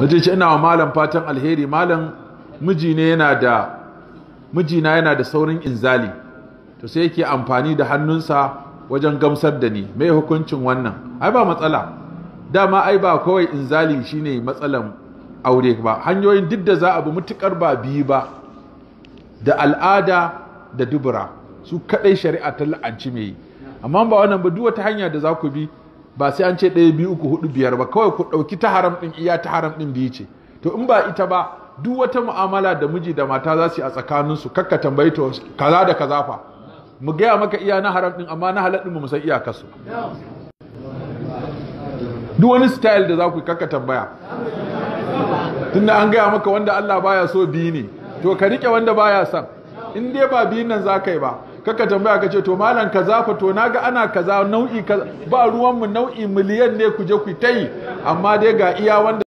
wace ce ina wa malam fatan alheri malam miji ne yana da mijina yana da saurin inzali to sai yake amfani da hannunsa wajen gamsar da ni mai hukuncin wannan ai ba matsala dama ai ba kawai inzali shine matsalan aure ba hanyoyin duk da za a bi mutukar ba biyu ba da al'ada da dubura su kadai shari'a ta la'anci mai yi amma ba wannan ba duk wata hanya da za ku bi ba sai an ce ɗaya biyu uku hudu biyar ba kawai ku ɗauki ta haram ɗin iya ta haram ɗin biyu ce to in ba ita ba duk wata mu'amala da miji da mata za su yi a tsakaninsu kakka tambayi ta kaza da kaza fa mu gaya maka iya na haram ɗin amma na halal ɗin mu san iya iyakarsu duk wani style da za ku kakka tambaya tunda an gaya maka wanda Allah baya so biyu ne to ka rike wanda baya son in dai ba biyun nan za ka yi ba kaka tambaya ka ce to malam kaza fa to naga ana kaza nau'i kaza ba ruwan mu nau'i miliyan ne ku je ku tai amma dai ga iya wanda